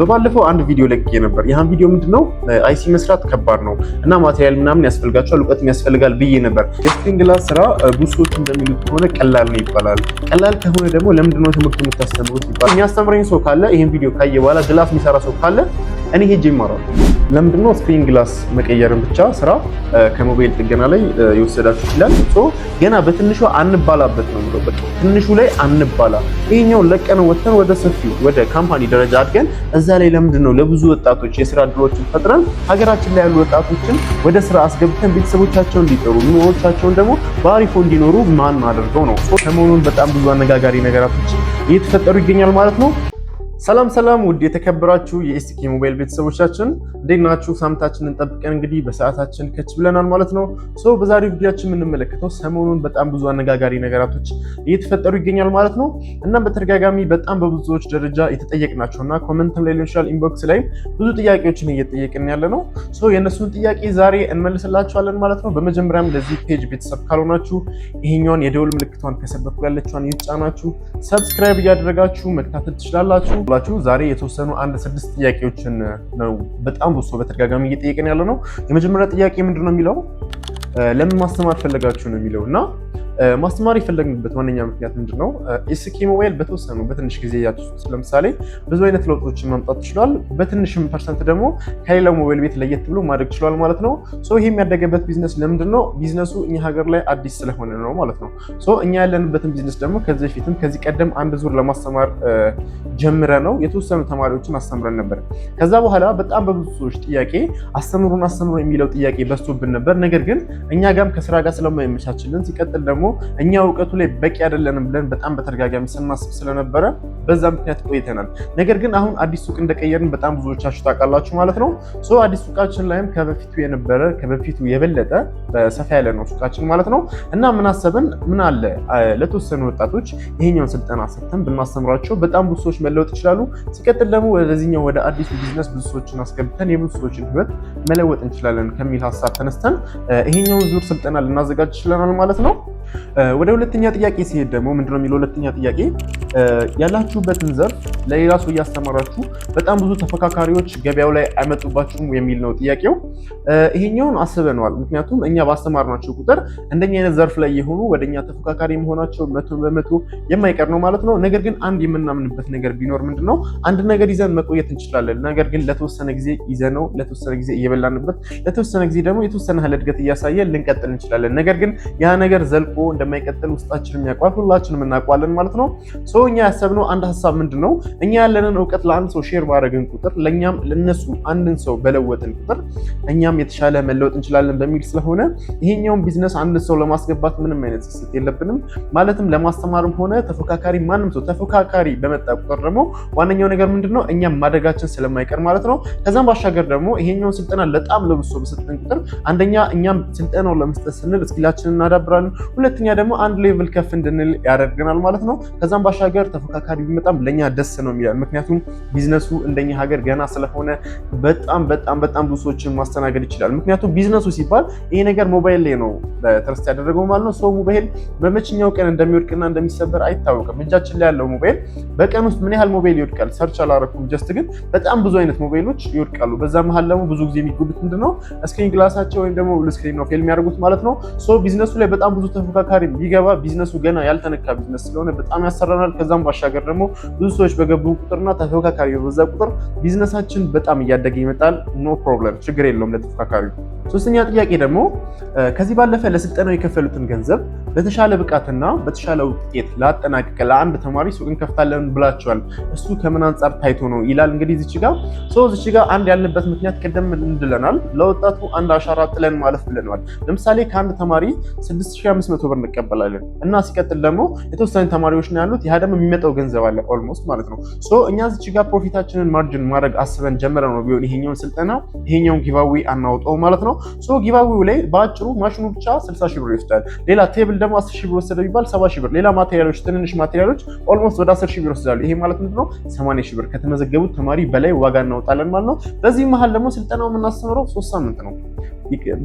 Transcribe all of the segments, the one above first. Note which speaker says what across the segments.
Speaker 1: በባለፈው አንድ ቪዲዮ ለቅቄ ነበር። ያን ቪዲዮ ምንድነው አይሲ መስራት ከባድ ነው እና ማቴሪያል ምናምን ያስፈልጋቸዋል እውቀትም ያስፈልጋል ብዬ ነበር። የስክሪን ግላስ ስራ ብሶች እንደሚሉት ከሆነ ቀላል ነው ይባላል። ቀላል ከሆነ ደግሞ ለምንድነው ትምህርት የምታስተምሩት ይባላል። የሚያስተምረኝ ሰው ካለ ይህን ቪዲዮ ካየ በኋላ ግላስ የሚሰራ ሰው ካለ እኔ ሄጄ ይማራል። ነው ስክሪን ግላስ መቀየርን ብቻ ስራ ከሞባይል ጥገና ላይ የወሰዳችሁ ይችላል። ገና በትንሹ አንባላበት ነው ብሎ በቃ ትንሹ ላይ አንባላ። ይሄኛውን ለቀን ወተን ወደ ሰፊው ወደ ካምፓኒ ደረጃ አድገን እዛ ላይ ለምንድነው ለብዙ ወጣቶች የስራ እድሎችን ፈጥረን ሀገራችን ላይ ያሉ ወጣቶችን ወደ ስራ አስገብተን ቤተሰቦቻቸውን እንዲጠሩ ኑሮቻቸውን ደግሞ በአሪፎ እንዲኖሩ ማን አድርገው ነው ሰሞኑን በጣም ብዙ አነጋጋሪ ነገራቶች እየተፈጠሩ ይገኛል ማለት ነው። ሰላም ሰላም ውድ የተከበራችሁ የኤስቲኪ ሞባይል ቤተሰቦቻችን እንዴት ናችሁ? ሳምንታችንን ጠብቀን እንግዲህ በሰዓታችን ከች ብለናል ማለት ነው። ሰው በዛሬው ቪዲዮችን የምንመለከተው ሰሞኑን በጣም ብዙ አነጋጋሪ ነገራቶች እየተፈጠሩ ይገኛል ማለት ነው። እናም በተደጋጋሚ በጣም በብዙዎች ደረጃ የተጠየቅናቸው እና ኮመንትም ላይ ሊሆን ይችላል ኢንቦክስ ላይ ብዙ ጥያቄዎችን እየጠየቅን ያለ ነው። የእነሱን ጥያቄ ዛሬ እንመልስላቸዋለን ማለት ነው። በመጀመሪያም ለዚህ ፔጅ ቤተሰብ ካልሆናችሁ ይሄኛውን የደውል ምልክቷን ከሰበኩ ያለችን ይጫናችሁ፣ ሰብስክራይብ እያደረጋችሁ መከታተል ትችላላችሁ። ብላችሁ ዛሬ የተወሰኑ አንድ ስድስት ጥያቄዎችን ነው በጣም ብሶ በተደጋጋሚ እየጠየቀን ያለ ነው። የመጀመሪያ ጥያቄ ምንድን ነው የሚለው ለምን ማስተማር ፈለጋችሁ ነው የሚለው እና ማስተማር የፈለግንበት ዋነኛ ምክንያት ምንድን ነው? ኤስኬ ሞባይል በተወሰኑ በትንሽ ጊዜ ያቸው ለምሳሌ ብዙ አይነት ለውጦችን ማምጣት ችሏል። በትንሽም ፐርሰንት ደግሞ ከሌላው ሞባይል ቤት ለየት ብሎ ማድረግ ችሏል ማለት ነው። ሶ ይሄ የሚያደገበት ቢዝነስ ለምንድን ነው? ቢዝነሱ እኛ ሀገር ላይ አዲስ ስለሆነ ነው ማለት ነው። ሶ እኛ ያለንበትን ቢዝነስ ደግሞ ከዚህ በፊትም ከዚህ ቀደም አንድ ዙር ለማስተማር ጀምረ ነው የተወሰኑ ተማሪዎችን አስተምረን ነበር። ከዛ በኋላ በጣም በብዙ ሰዎች ጥያቄ አስተምሩን አስተምሩ የሚለው ጥያቄ በዝቶብን ነበር። ነገር ግን እኛ ጋም ከስራ ጋር ስለማይመቻችልን ሲቀጥል ደግሞ ደግሞ እኛ እውቀቱ ላይ በቂ አይደለንም ብለን በጣም በተደጋጋሚ ስናስብ ስለነበረ በዛ ምክንያት ቆይተናል። ነገር ግን አሁን አዲስ ሱቅ እንደቀየርን በጣም ብዙዎቻችሁ ታውቃላችሁ ማለት ነው። አዲስ ሱቃችን ላይም ከበፊቱ የነበረ ከበፊቱ የበለጠ ሰፋ ያለ ነው ሱቃችን ማለት ነው። እና ምን አሰብን፣ ምን አለ ለተወሰኑ ወጣቶች ይሄኛውን ስልጠና ሰጥተን ብናስተምራቸው በጣም ብዙ ሰዎች መለወጥ ይችላሉ። ሲቀጥል ደግሞ ወደዚህኛው ወደ አዲሱ ቢዝነስ ብዙ ሰዎችን አስገብተን የብዙ ሰዎችን ህይወት መለወጥ እንችላለን ከሚል ሀሳብ ተነስተን ይሄኛውን ዙር ስልጠና ልናዘጋጅ ይችለናል ማለት ነው። ወደ ሁለተኛ ጥያቄ ሲሄድ ደግሞ ምንድነው የሚለው ሁለተኛ ጥያቄ ያላችሁበትን ዘርፍ ለሌላ ሰው እያስተማራችሁ በጣም ብዙ ተፈካካሪዎች ገበያው ላይ አይመጡባችሁም የሚል ነው ጥያቄው። ይሄኛውን አስበነዋል። ምክንያቱም እኛ ባስተማርናቸው ቁጥር እንደኛ አይነት ዘርፍ ላይ የሆኑ ወደኛ ተፈካካሪ መሆናቸው መቶ በመቶ የማይቀር ነው ማለት ነው። ነገር ግን አንድ የምናምንበት ነገር ቢኖር ምንድን ነው፣ አንድ ነገር ይዘን መቆየት እንችላለን። ነገር ግን ለተወሰነ ጊዜ ይዘነው ለተወሰነ ጊዜ እየበላንበት፣ ለተወሰነ ጊዜ ደግሞ የተወሰነ ያህል እድገት እያሳየ ልንቀጥል እንችላለን። ነገር ግን ያ ነገር ዘልቆ እንደማይቀጥል ውስጣችንም ያውቋል፣ ሁላችንም እናውቋለን ማለት ነው። እኛ ያሰብነው አንድ ሀሳብ ምንድን ነው? እኛ ያለንን እውቀት ለአንድ ሰው ሼር ባደረግን ቁጥር ለእኛም ለነሱ አንድን ሰው በለወጥን ቁጥር እኛም የተሻለ መለወጥ እንችላለን በሚል ስለሆነ ይሄኛውን ቢዝነስ አንድ ሰው ለማስገባት ምንም አይነት ስስት የለብንም። ማለትም ለማስተማርም ሆነ ተፎካካሪ ማንም ሰው ተፎካካሪ በመጣ ቁጥር ደግሞ ዋነኛው ነገር ምንድን ነው? እኛም ማደጋችን ስለማይቀር ማለት ነው። ከዛም ባሻገር ደግሞ ይሄኛውን ስልጠና ለጣም ለብሶ በሰጠን ቁጥር አንደኛ እኛም ስልጠናው ለመስጠት ስንል እስኪላችንን እናዳብራለን። ሁለተኛ ደግሞ አንድ ሌቭል ከፍ እንድንል ያደርገናል ማለት ነው። ከዛም ባሻገር ሀገር ተፎካካሪ ቢመጣም ለእኛ ደስ ነው የሚላል። ምክንያቱም ቢዝነሱ እንደኛ ሀገር ገና ስለሆነ በጣም በጣም በጣም ብዙ ሰዎችን ማስተናገድ ይችላል። ምክንያቱም ቢዝነሱ ሲባል ይሄ ነገር ሞባይል ላይ ነው ትረስት ያደረገው ማለት ነው። ሰው ሞባይል በመችኛው ቀን እንደሚወድቅና እንደሚሰበር አይታወቅም። እጃችን ላይ ያለው ሞባይል በቀን ውስጥ ምን ያህል ሞባይል ይወድቃል ሰርች አላረኩም። ጀስት ግን በጣም ብዙ አይነት ሞባይሎች ይወድቃሉ። በዛ መሀል ደግሞ ብዙ ጊዜ የሚጎዱት ምንድን ነው እስክሪን ግላሳቸው ወይም ደግሞ ስክሪን ነው ፌል የሚያደርጉት ማለት ነው። ሶ ቢዝነሱ ላይ በጣም ብዙ ተፎካካሪ ቢገባ ቢዝነሱ ገና ያልተነካ ቢዝነስ ስለሆነ በጣም ያሰራናል። ከዛም ባሻገር ደግሞ ብዙ ሰዎች በገቡ ቁጥርና ተፎካካሪ በበዛ ቁጥር ቢዝነሳችን በጣም እያደገ ይመጣል። ኖ ፕሮብለም፣ ችግር የለውም ለተፎካካሪ። ሶስተኛ ጥያቄ ደግሞ ከዚህ ባለፈ ለስልጠናው የከፈሉትን ገንዘብ በተሻለ ብቃትና በተሻለ ውጤት ላጠናቀቀ ለአንድ ተማሪ ሱቅ እንከፍታለን ብላቸዋል። እሱ ከምን አንጻር ታይቶ ነው ይላል። እንግዲህ ዚች ጋ ሰው ዝች አንድ ያልንበት ምክንያት ቀደም እንድለናል። ለወጣቱ አንድ አሻራ ጥለን ማለፍ ብለናል። ለምሳሌ ከአንድ ተማሪ 6500 ብር እንቀበላለን እና ሲቀጥል ደግሞ የተወሰኑ ተማሪዎች ነው ያሉት ደግሞ የሚመጣው ገንዘብ አለ ኦልሞስት ማለት ነው። ሶ እኛ እዚች ጋር ፕሮፊታችንን ማርጅን ማድረግ አስበን ጀምረ ነው ቢሆን ይሄኛውን ስልጠና ይሄኛውን ጊቫዌ አናውጠው ማለት ነው። ሶ ጊቫዌው ላይ በአጭሩ ማሽኑ ብቻ 60 ሺህ ብር ይወስዳል። ሌላ ቴብል ደግሞ 10 ሺህ ብር ወሰደ ቢባል 70 ሺህ ብር፣ ሌላ ማቴሪያሎች፣ ትንንሽ ማቴሪያሎች ኦልሞስት ወደ 10 ሺህ ብር ይወስዳሉ። ይሄ ማለት ምንድን ነው 80 ሺህ ብር ከተመዘገቡት ተማሪ በላይ ዋጋ እናውጣለን ማለት ነው። በዚህ መሀል ደግሞ ስልጠናው የምናስተምረው ሶስት ሳምንት ነው።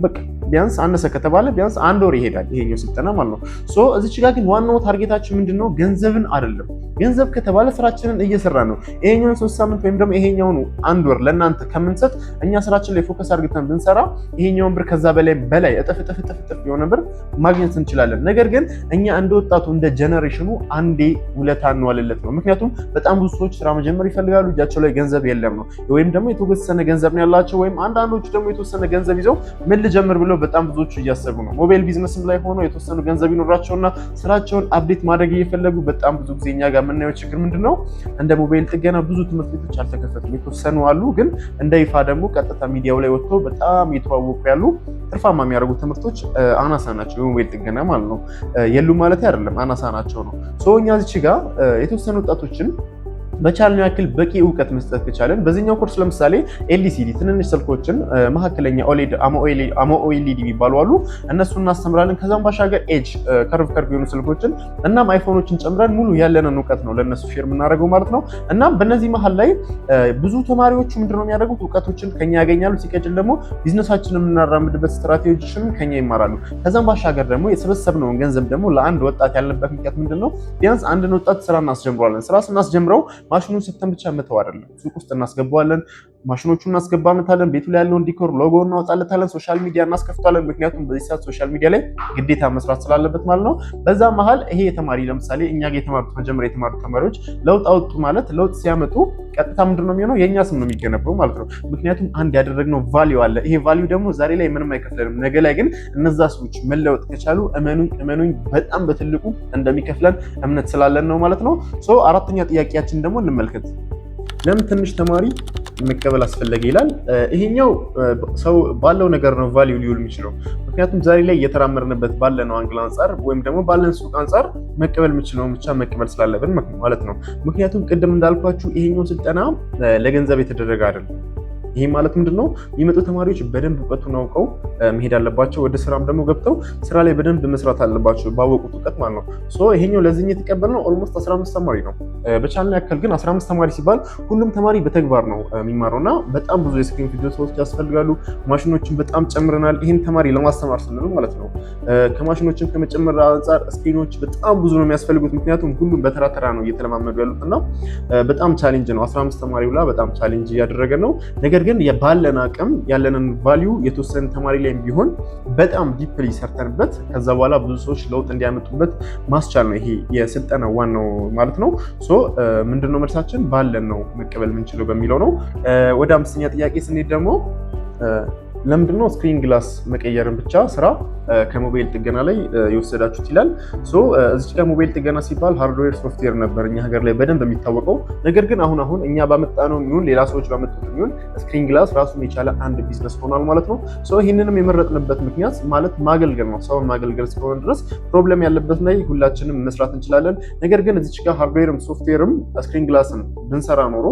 Speaker 1: በቃ ቢያንስ አነሰ ከተባለ ቢያንስ አንድ ወር ይሄዳል ይሄኛው ስልጠና ማለት ነው። ሶ እዚች ጋር ግን ዋናው ታርጌታችን ምንድነው? ገንዘብን አይደለም። ገንዘብ ከተባለ ስራችንን እየሰራ ነው። ይሄኛውን ሶስት ሳምንት ወይም ደግሞ ይሄኛውን አንድ ወር ለእናንተ ከምንሰጥ እኛ ስራችን ላይ ፎከስ አድርገን ብንሰራ ይሄኛውን ብር ከዛ በላይ በላይ እጥፍ እጥፍ እጥፍ እጥፍ የሆነ ብር ማግኘት እንችላለን። ነገር ግን እኛ እንደ ወጣቱ እንደ ጀነሬሽኑ አንዴ ውለታ እንዋልለት ነው። ምክንያቱም በጣም ብዙ ሰዎች ስራ መጀመር ይፈልጋሉ፣ እጃቸው ላይ ገንዘብ የለም ነው ወይም ደግሞ የተወሰነ ገንዘብ ነው ያላቸው፣ ወይም አንዳንዶቹ ደግሞ የተወሰነ ገንዘብ ይዘው ምን ልጀምር ብለው በጣም ብዙዎቹ እያሰቡ ነው። ሞባይል ቢዝነስም ላይ ሆኖ የተወሰኑ ገንዘብ ይኖራቸውና ስራቸውን አፕዴት ማድረግ እየፈለጉ በጣም ብዙ ጊዜ እኛ ጋር የምናየው ችግር ምንድን ነው? እንደ ሞባይል ጥገና ብዙ ትምህርት ቤቶች አልተከፈቱም። የተወሰኑ አሉ፣ ግን እንደ ይፋ ደግሞ ቀጥታ ሚዲያው ላይ ወጥቶ በጣም እየተዋወቁ ያሉ ትርፋማ የሚያደርጉ ትምህርቶች አናሳ ናቸው። የሞባይል ጥገና ማለት ነው የሉ ማለት አይደለም፣ አናሳ ናቸው ነው። እኛ እዚህ ጋር የተወሰኑ ወጣቶችን በቻልነው ያክል በቂ እውቀት መስጠት ከቻለን በዚህኛው ኮርስ ለምሳሌ ኤልሲዲ ትንንሽ ስልኮችን፣ መካከለኛ ኦሌድ፣ አሞኦኤልዲ የሚባሉ አሉ እነሱ እናስተምራለን። ከዛም ባሻገር ኤጅ ከርቭ ከርቭ የሆኑ ስልኮችን እናም አይፎኖችን ጨምረን ሙሉ ያለንን እውቀት ነው ለእነሱ ሼር የምናደርገው ማለት ነው። እናም በእነዚህ መሀል ላይ ብዙ ተማሪዎቹ ነው የሚያደርጉት እውቀቶችን ከኛ ያገኛሉ። ሲቀጭል ደግሞ ቢዝነሳችን የምናራምድበት ስትራቴጂዎችንም ከኛ ይማራሉ። ከዛም ባሻገር ደግሞ የሰበሰብነውን ገንዘብ ደግሞ ለአንድ ወጣት ያለበት ምክንያት ምንድነው ቢያንስ አንድን ወጣት ስራ እናስጀምረዋለን። ስራ ስናስጀምረው ማሽኑን ስተን ብቻ መተው አይደለም። ሱቅ ውስጥ እናስገባዋለን ማሽኖቹን እናስገባለታለን። ቤቱ ላይ ያለውን ዲኮር ሎጎ እናወጣለታለን። ሶሻል ሚዲያ እናስከፍታለን። ምክንያቱም በዚህ ሰዓት ሶሻል ሚዲያ ላይ ግዴታ መስራት ስላለበት ማለት ነው። በዛ መሀል ይሄ የተማሪ ለምሳሌ እኛ ጋር የተማሩት መጀመሪያ የተማሩት ተማሪዎች ለውጥ አወጡ ማለት ለውጥ ሲያመጡ ቀጥታ ምንድን ነው የሚሆነው? የእኛ ስም ነው የሚገነባው ማለት ነው። ምክንያቱም አንድ ያደረግነው ቫሊዩ አለ። ይሄ ቫሊዩ ደግሞ ዛሬ ላይ ምንም አይከፍለንም። ነገ ላይ ግን እነዛ ሰዎች መለወጥ ከቻሉ እመኑኝ እመኑኝ በጣም በትልቁ እንደሚከፍለን እምነት ስላለን ነው ማለት ነው። አራተኛ ጥያቄያችን ደግሞ እንመልከት። ለምን ትንሽ ተማሪ መቀበል አስፈለገ ይላል። ይሄኛው ሰው ባለው ነገር ነው ቫሊዩ ሊውል የሚችለው ምክንያቱም ዛሬ ላይ እየተራመርንበት ባለ ነው አንግል አንጻር ወይም ደግሞ ባለን ሱቅ አንጻር መቀበል የምችለው ብቻ መቀበል ስላለብን ማለት ነው። ምክንያቱም ቅድም እንዳልኳችሁ ይሄኛው ስልጠና ለገንዘብ የተደረገ አይደለም። ይህ ማለት ምንድን ነው? የሚመጡ ተማሪዎች በደንብ እውቀቱን አውቀው መሄድ አለባቸው። ወደ ስራም ደግሞ ገብተው ስራ ላይ በደንብ መስራት አለባቸው፣ ባወቁት እውቀት ማለት ነው። ሶ ይሄኛው ለዚህ የተቀበልነው ኦልሞስት 15 ተማሪ ነው። በቻልን ያክል ግን 15 ተማሪ ሲባል ሁሉም ተማሪ በተግባር ነው የሚማረው እና በጣም ብዙ የስክሪን ቪዲዮ ሰዎች ያስፈልጋሉ። ማሽኖችን በጣም ጨምረናል፣ ይህን ተማሪ ለማስተማር ስንል ማለት ነው። ከማሽኖችን ከመጨመር አንጻር ስክሪኖች በጣም ብዙ ነው የሚያስፈልጉት፣ ምክንያቱም ሁሉም በተራ ተራ ነው እየተለማመዱ ያሉት እና በጣም ቻሌንጅ ነው። 15 ተማሪ ብላ በጣም ቻሌንጅ እያደረገ ነው ነገር ነገር ግን የባለን አቅም ያለንን ቫሊዩ የተወሰነ ተማሪ ላይ ቢሆን በጣም ዲፕሊ ሰርተንበት ከዛ በኋላ ብዙ ሰዎች ለውጥ እንዲያመጡበት ማስቻል ነው። ይሄ የስልጠና ዋናው ማለት ነው። ሶ ምንድን ነው መልሳችን ባለን ነው መቀበል የምንችለው በሚለው ነው። ወደ አምስተኛ ጥያቄ ስንሄድ ደግሞ ለምንድነው ስክሪን ግላስ መቀየርን ብቻ ስራ ከሞባይል ጥገና ላይ የወሰዳችሁት ይላል። እዚች ጋር ሞባይል ጥገና ሲባል ሃርድዌር ሶፍትዌር ነበር እኛ ሀገር ላይ በደንብ የሚታወቀው። ነገር ግን አሁን አሁን እኛ ባመጣነው የሚሆን ሌላ ሰዎች ባመጡት የሚሆን ስክሪን ግላስ ራሱን የቻለ አንድ ቢዝነስ ሆኗል ማለት ነው። ይህንንም የመረጥንበት ምክንያት ማለት ማገልገል ነው። ሰውን ማገልገል እስከሆነ ድረስ ፕሮብለም ያለበት ላይ ሁላችንም መስራት እንችላለን። ነገር ግን እዚች ጋር ሃርድዌርም ሶፍትዌርም ስክሪን ግላስን ብንሰራ ኖሮ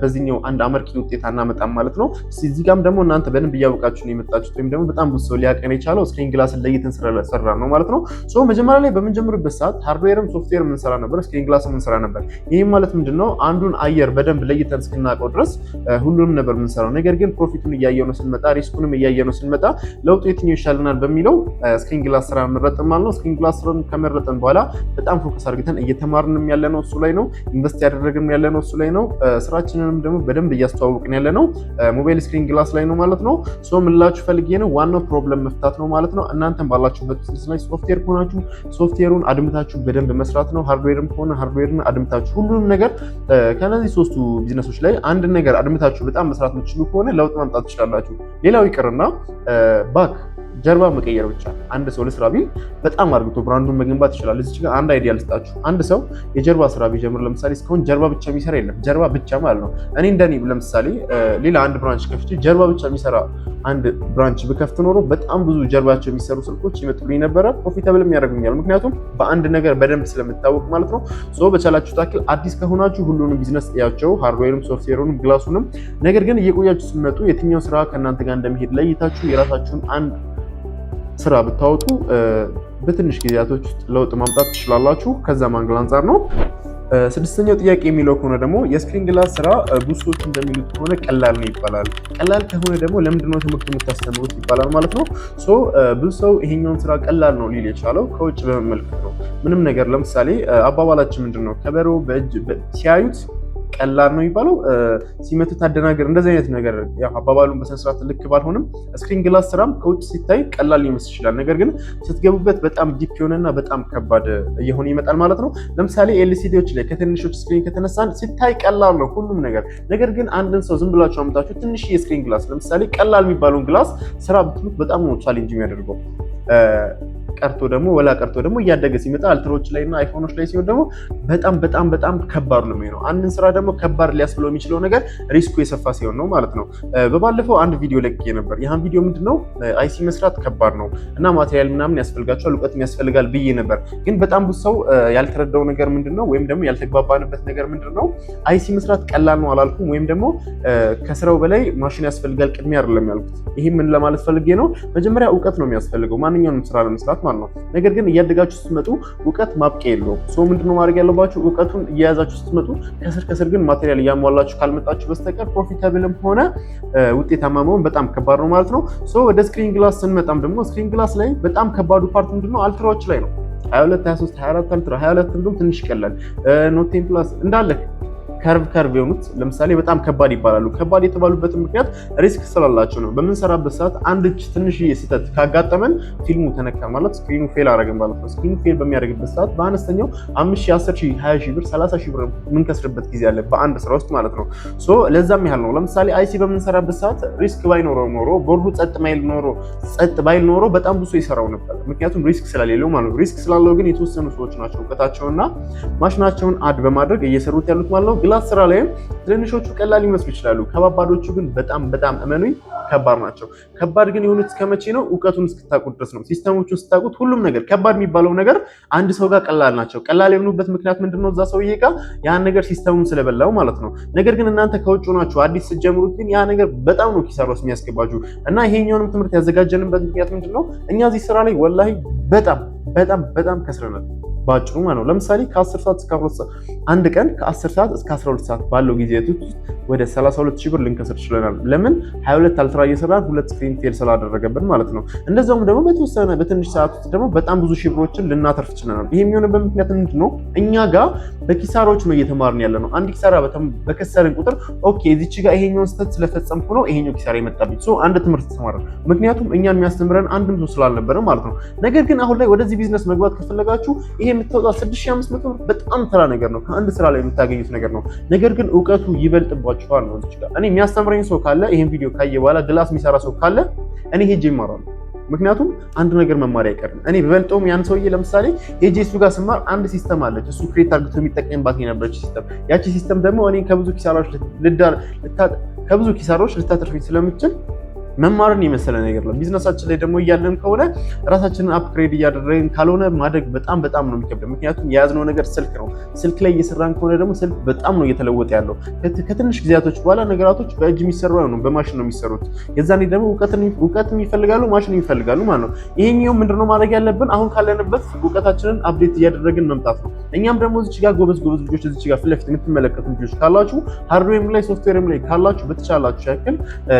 Speaker 1: በዚህኛው አንድ አመርቂ ውጤት አናመጣም ማለት ነው። እዚህ ጋም ደግሞ እናንተ በደንብ እያወቃችሁ ነው የመጣችሁት ወይም ደግሞ በጣም ብዙ ሰው ሊያቀን የቻለው ስክሪን ክላስን ለይተን ስለሰራ ነው ማለት ነው። ሶ መጀመሪያ ላይ በምንጀምርበት ሰዓት ሃርድዌርም ሶፍትዌር የምንሰራ ነበር፣ ስክሪን ግላስ የምንሰራ ነበር። ይህ ማለት ምንድነው አንዱን አየር በደንብ ለይተን እስክናውቀው ድረስ ሁሉንም ነበር የምንሰራው። ነገር ግን ፕሮፊቱን እያየ ነው ስንመጣ፣ ሪስኩንም እያየ ነው ስንመጣ፣ ለውጡ የትኛው ይሻልናል በሚለው ስክሪን ግላስ ስራ መረጥን ማለት ነው። ስክሪን ግላስ ስራን ከመረጥን በኋላ በጣም ፎከስ አድርገን እየተማርንም ነው እሱ ላይ ነው። ኢንቨስት ያደረግንም ነው እሱ ላይ ነው። ስራችንንም ደግሞ በደንብ እያስተዋወቅን ነው ሞባይል ስክሪን ግላስ ላይ ነው ማለት ነው። ሶ ምላችሁ ፈልጌ ነው ዋናው ፕሮብለም መፍታት ነው ማለት ነው። ነው። እናንተም ባላችሁበት ቢዝነስ ላይ ሶፍትዌር ከሆናችሁ ሶፍትዌሩን አድምታችሁ በደንብ መስራት ነው። ሃርድዌርም ከሆነ ሃርድዌርን አድምታችሁ ሁሉንም ነገር ከነዚህ ሶስቱ ቢዝነሶች ላይ አንድ ነገር አድምታችሁ በጣም መስራት የምትችሉ ከሆነ ለውጥ ማምጣት ትችላላችሁ። ሌላው ይቅርና ባክ ጀርባ መቀየር ብቻ። አንድ ሰው ለስራ ቢል በጣም አርግቶ ብራንዱን መገንባት ይችላል። እዚህ ጋር አንድ አይዲያ ልስጣችሁ። አንድ ሰው የጀርባ ስራ ቢጀምር ለምሳሌ እስካሁን ጀርባ ብቻ የሚሰራ የለም። ጀርባ ብቻ ማለት ነው። እኔ እንደኔ ለምሳሌ ሌላ አንድ ብራንች ከፍቼ ጀርባ ብቻ የሚሰራ አንድ ብራንች ብከፍት ኖሮ በጣም ብዙ ጀርባቸው የሚሰሩ ስልኮች ይመጡልኝ ነበረ። ፕሮፊታብልም ያደርጉኛል። ምክንያቱም በአንድ ነገር በደንብ ስለምታወቅ ማለት ነው። ሶ በቻላችሁ ታክል አዲስ ከሆናችሁ ሁሉንም ቢዝነስ ያቸው ሃርድዌርም፣ ሶፍትዌሩንም፣ ግላሱንም ነገር ግን እየቆያችሁ ስትመጡ የትኛው ስራ ከእናንተ ጋር እንደሚሄድ ለይታችሁ የራሳችሁን አንድ ስራ ብታወጡ በትንሽ ጊዜያቶች ውስጥ ለውጥ ማምጣት ትችላላችሁ። ከዛ ማንግል አንጻር ነው። ስድስተኛው ጥያቄ የሚለው ከሆነ ደግሞ የስክሪን ግላስ ስራ ብዙ እንደሚሉት ከሆነ ቀላል ነው ይባላል። ቀላል ከሆነ ደግሞ ለምንድነው ትምህርት የምታስተምሩት ይባላል ማለት ነው። ሶ ብዙ ሰው ይሄኛውን ስራ ቀላል ነው ሊል የቻለው ከውጭ በመመልከት ነው። ምንም ነገር ለምሳሌ አባባላችን ምንድን ነው? ከበሮ ሲያዩት ቀላል ነው የሚባለው ሲመቱ ታደናገር እንደዚህ አይነት ነገር አባባሉን በስነስርዓት ልክ ባልሆንም ስክሪን ግላስ ስራም ከውጭ ሲታይ ቀላል ሊመስል ይችላል። ነገር ግን ስትገቡበት በጣም ዲፕ የሆነና በጣም ከባድ እየሆነ ይመጣል ማለት ነው። ለምሳሌ ኤልሲዲዎች ላይ ከትንሾች ስክሪን ከተነሳን ሲታይ ቀላል ነው ሁሉም ነገር። ነገር ግን አንድን ሰው ዝም ብላችሁ አምጣችሁ ትንሽ የስክሪን ግላስ ለምሳሌ ቀላል የሚባለውን ግላስ ስራ ብትሉት በጣም ነው ቻሌንጅ የሚያደርገው። ቀርቶ ደግሞ ወላ ቀርቶ ደግሞ እያደገ ሲመጣ አልትሮች ላይ እና አይፎኖች ላይ ሲሆን ደግሞ በጣም በጣም በጣም ከባድ ነው የሚሆነው። አንድን ስራ ደግሞ ከባድ ሊያስብለው የሚችለው ነገር ሪስኩ የሰፋ ሲሆን ነው ማለት ነው። በባለፈው አንድ ቪዲዮ ለቅቄ ነበር። ይህን ቪዲዮ ምንድን ነው አይሲ መስራት ከባድ ነው እና ማቴሪያል ምናምን ያስፈልጋቸዋል እውቀት ያስፈልጋል ብዬ ነበር። ግን በጣም ብዙ ሰው ያልተረዳው ነገር ምንድን ነው ወይም ደግሞ ያልተግባባንበት ነገር ምንድን ነው አይሲ መስራት ቀላል ነው አላልኩም። ወይም ደግሞ ከስራው በላይ ማሽን ያስፈልጋል ቅድሚያ አይደለም ያልኩት። ይህ ምን ለማለት ፈልጌ ነው፣ መጀመሪያ እውቀት ነው የሚያስፈልገው ማንኛውንም ስራ ለመስራት ማለት ማለት ነው። ነገር ግን እያደጋችሁ ስትመጡ እውቀት ማብቂያ የለውም። ሰው ምንድነው ማድረግ ያለባችሁ? እውቀቱን እየያዛችሁ ስትመጡ ከስር ከስር ግን ማቴሪያል እያሟላችሁ ካልመጣችሁ በስተቀር ፕሮፊታብልም ሆነ ውጤታማ መሆን በጣም ከባድ ነው ማለት ነው። ወደ ስክሪን ግላስ ስንመጣም ደግሞ ስክሪን ግላስ ላይ በጣም ከባዱ ፓርት ምንድነው? አልትራዎች ላይ ነው 22፣ 23፣ 24 አልትራ 22 ትንሽ ይቀላል። ኖት ፕላስ እንዳለ ከርቭ ከርቭ የሆኑት ለምሳሌ በጣም ከባድ ይባላሉ። ከባድ የተባሉበት ምክንያት ሪስክ ስላላቸው ነው። በምንሰራበት ሰዓት አንድ ትንሽዬ ስህተት ካጋጠመን ፊልሙ ተነካ ማለት ስክሪኑ ፌል አደረግን ማለት ነው። ስክሪኑ ፌል በሚያደርግበት ሰዓት በአነስተኛው አምስት 1 ብር ሰላሳ ብር የምንከስርበት ጊዜ አለ በአንድ ስራ ውስጥ ማለት ነው። ሶ ለዛም ያህል ነው። ለምሳሌ አይሲ በምንሰራበት ሰዓት ሪስክ ባይኖረ ኖሮ ቦርዱ ጸጥ ማይል ኖሮ ጸጥ ባይል ኖሮ በጣም ብዙ ይሰራው ነበር። ምክንያቱም ሪስክ ስለሌለው ማለት ነው። ሪስክ ስላለው ግን የተወሰኑ ሰዎች ናቸው እውቀታቸውና ማሽናቸውን አድ በማድረግ እየሰሩት ያሉት ማለት ነው። የግላስ ስራ ላይም ትንንሾቹ ቀላል ሊመስሉ ይችላሉ። ከባባዶቹ ግን በጣም በጣም እመኑኝ ከባድ ናቸው። ከባድ ግን የሆኑት እስከመቼ ነው? እውቀቱን እስክታቁት ድረስ ነው። ሲስተሞቹን ስታቁት ሁሉም ነገር ከባድ የሚባለው ነገር አንድ ሰው ጋር ቀላል ናቸው። ቀላል የሆኑበት ምክንያት ምንድነው? እዛ ሰውዬ ጋ ያን ነገር ሲስተሙን ስለበላው ማለት ነው። ነገር ግን እናንተ ከውጭ ናችሁ አዲስ ስትጀምሩት ግን ያ ነገር በጣም ነው ኪሳራ ውስጥ የሚያስገባችሁ እና ይሄኛውንም ትምህርት ያዘጋጀንበት ምክንያት ምንድነው? እኛ እዚህ ስራ ላይ ወላሂ በጣም በጣም በጣም ከስረናል። ባጭሩ ማለት ነው። ለምሳሌ ከ10 ሰዓት እስከ 12 ሰዓት አንድ ቀን ከ10 ሰዓት እስከ 12 ሰዓት ባለው ጊዜ ውስጥ ወደ 32 ሺህ ብር ልንከስር ችለናል። ለምን 22 አልትራ እየሰራን ሁለት ስክሪን ቴል ስላደረገብን ማለት ነው። እንደዛውም ደግሞ በተወሰነ በትንሽ ሰዓት ውስጥ ደግሞ በጣም ብዙ ሺህ ብሮችን ልናተርፍ ችለናል። ይሄ የሚሆንበት ምክንያት ምንድነው እኛ ጋር በኪሳራዎች ነው እየተማርን ያለ ነው። አንድ ኪሳራ በከሰርን ቁጥር ኦኬ እዚች ጋር ይሄኛውን ስህተት ስለፈጸምኩ ነው ይሄኛው ኪሳራ የመጣብኝ አንድ ትምህርት ተማርን። ምክንያቱም እኛን የሚያስተምረን አንድም ሰው ስላልነበረ ማለት ነው። ነገር ግን አሁን ላይ ወደዚህ ቢዝነስ መግባት ከፈለጋችሁ ይሄ የምታወጣ 6500 በጣም ተራ ነገር ነው። ከአንድ ስራ ላይ የምታገኙት ነገር ነው። ነገር ግን እውቀቱ ይበልጥባችኋል ነው እዚች ጋር እኔ የሚያስተምረኝ ሰው ካለ ይሄን ቪዲዮ ካየ በኋላ ግላስ የሚሰራ ሰው ካለ እኔ ሄጄ ይማራሉ ምክንያቱም አንድ ነገር መማር አይቀርም። እኔ በበልጠውም ያን ሰውዬ ለምሳሌ ሄጄ እሱ ጋር ስማር አንድ ሲስተም አለች፣ እሱ ክሬት አርግቶ የሚጠቀምባት የነበረች ሲስተም። ያቺ ሲስተም ደግሞ እኔ ከብዙ ኪሳራዎች ከብዙ ኪሳራዎች ልታተርፈኝ ስለምችል መማርን የመሰለ ነገር ነው። ቢዝነሳችን ላይ ደግሞ እያለን ከሆነ ራሳችንን አፕግሬድ እያደረግን ካልሆነ ማደግ በጣም በጣም ነው የሚከብደው። ምክንያቱም የያዝነው ነገር ስልክ ነው። ስልክ ላይ እየሰራን ከሆነ ደግሞ ስልክ በጣም ነው እየተለወጠ ያለው። ከትንሽ ጊዜያቶች በኋላ ነገራቶች በእጅ የሚሰሩ ነው፣ በማሽን ነው የሚሰሩት። የዛኔ ደግሞ እውቀትም ይፈልጋሉ፣ ማሽን ይፈልጋሉ ማለት ነው። ይሄኛው ምንድነው ማድረግ ያለብን አሁን ካለንበት እውቀታችንን አፕዴት እያደረግን መምጣት ነው። እኛም ደግሞ እዚች ጋር ጎበዝ ጎበዝ ልጆች እዚች ጋር ፊት ለፊት የምትመለከቱ ልጆች ካላችሁ ሃርድዌርም ላይ ሶፍትዌርም ላይ ካላችሁ በተቻላችሁ ያክል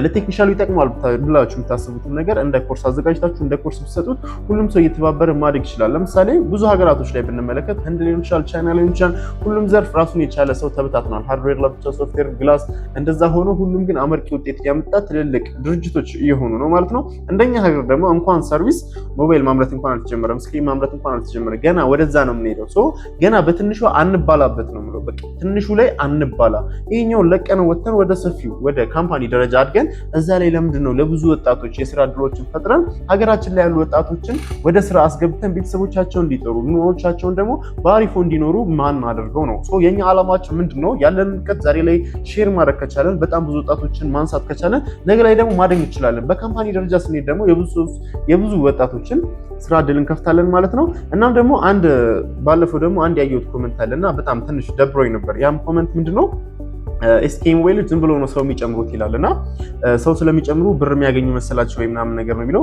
Speaker 1: ለቴክኒሻሉ ይጠቅማል ብላችሁ የምታስቡትን ነገር እንደ ኮርስ አዘጋጅታችሁ እንደ ኮርስ ብትሰጡት ሁሉም ሰው እየተባበረ ማደግ ይችላል። ለምሳሌ ብዙ ሀገራቶች ላይ ብንመለከት ህንድ ሊሆን ይችላል፣ ቻይና ሊሆን ይችላል። ሁሉም ዘርፍ ራሱን የቻለ ሰው ተበታትኗል። ሃርድዌር ለብቻ፣ ሶፍትዌር ግላስ፣ እንደዛ ሆኖ ሁሉም ግን አመርቂ ውጤት ያመጣ ትልልቅ ድርጅቶች እየሆኑ ነው ማለት ነው። እንደኛ ሀገር ደግሞ እንኳን ሰርቪስ ሞባይል ማምረት እንኳን አልተጀመረም፣ ስክሪን ማምረት እንኳን አልተጀመረ። ገና ወደዛ ነው የምንሄደው። ሶ ገና በትንሹ አንባላበት ነው ምለው በቃ ትንሹ ላይ አንባላ። ይሄኛውን ለቀን ወተን ወደ ሰፊው ወደ ካምፓኒ ደረጃ አድገን እዛ ላይ ለምንድን ነው ለብዙ ወጣቶች የስራ እድሎችን ፈጥረን ሀገራችን ላይ ያሉ ወጣቶችን ወደ ስራ አስገብተን ቤተሰቦቻቸውን እንዲጠሩ ኑሮቻቸውን ደግሞ በአሪፎ እንዲኖሩ ማን አድርገው ነው የኛ ዓላማችን ምንድን ነው? ያለን እውቀት ዛሬ ላይ ሼር ማድረግ ከቻለን በጣም ብዙ ወጣቶችን ማንሳት ከቻለን ነገ ላይ ደግሞ ማደግ እንችላለን። በካምፓኒ ደረጃ ስንሄድ ደግሞ የብዙ ወጣቶችን ስራ እድል እንከፍታለን ማለት ነው። እናም ደግሞ አንድ ባለፈው ደግሞ አንድ ያየሁት ኮመንት አለ እና በጣም ትንሽ ደብሮኝ ነበር። ያም ኮመንት ምንድን ነው ኤስኬም ዌሎች ዝም ብሎ ነው ሰው የሚጨምሩት ይላል እና ሰው ስለሚጨምሩ ብር የሚያገኙ መሰላቸው ወይ ምናምን ነገር ነው የሚለው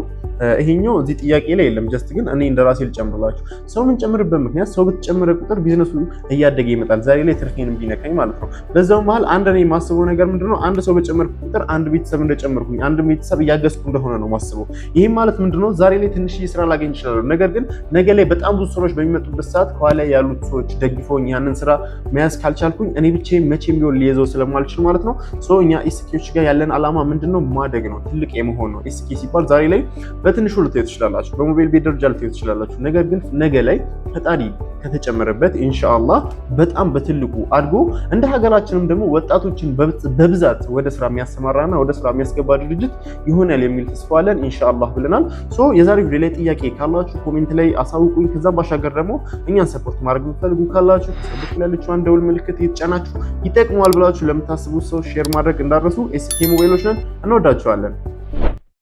Speaker 1: ይሄኛው እዚህ ጥያቄ ላይ የለም። ጀስት ግን እኔ እንደ ራሴ ልጨምርላችሁ። ሰው የምንጨምርበት ምክንያት ሰው በተጨመረ ቁጥር ቢዝነሱ እያደገ ይመጣል። ዛሬ ላይ ትርፌን ቢነካኝ ማለት ነው። በዛው መሀል አንድ እኔ የማስበው ነገር ምንድነው፣ አንድ ሰው በጨመርኩ ቁጥር አንድ ቤተሰብ እንደጨመርኩኝ፣ አንድ ቤተሰብ እያገዝኩ እንደሆነ ነው ማስበው። ይህም ማለት ምንድነው ዛሬ ላይ ትንሽ ስራ ላገኝ ይችላሉ። ነገር ግን ነገ ላይ በጣም ብዙ ስራዎች በሚመጡበት ሰዓት ከኋላ ያሉት ሰዎች ደግፈውኝ ያንን ስራ መያዝ ካልቻልኩኝ እኔ ብቻ መቼም ቢሆን ሊይዘው ስለማልችል ማለት ነው። እኛ ኤስኬዎች ጋር ያለን አላማ ምንድነው ማደግ ነው፣ ትልቅ የመሆን ነው። ኤስኬ ሲባል ዛሬ ላይ በትንሹ ልትሄዱ ትችላላችሁ፣ በሞባይል ቤት ደረጃ ልትሄዱ ትችላላችሁ። ነገር ግን ነገ ላይ ፈጣሪ ከተጨመረበት ኢንሻአላህ በጣም በትልቁ አድጎ እንደ ሀገራችንም ደግሞ ወጣቶችን በብዛት ወደ ስራ የሚያሰማራና ወደ ስራ የሚያስገባ ድርጅት ይሆናል የሚል ተስፋ አለን ኢንሻአላህ ብለናል። ሶ የዛሬ ቪዲዮ ላይ ጥያቄ ካላችሁ ኮሜንት ላይ አሳውቁኝ። ከዛም ባሻገር ደግሞ እኛን ሰፖርት ማድረግ የምትፈልጉ ካላችሁ ሰብስክራይብ ያለችው ደውል ምልክት የተጫናችሁ ይጠቅመዋል ብላችሁ ብላችሁ ለምታስቡት ሰው ሼር ማድረግ እንዳረሱ ኤስኬ ሞባይሎች ነን። እንወዳችኋለን።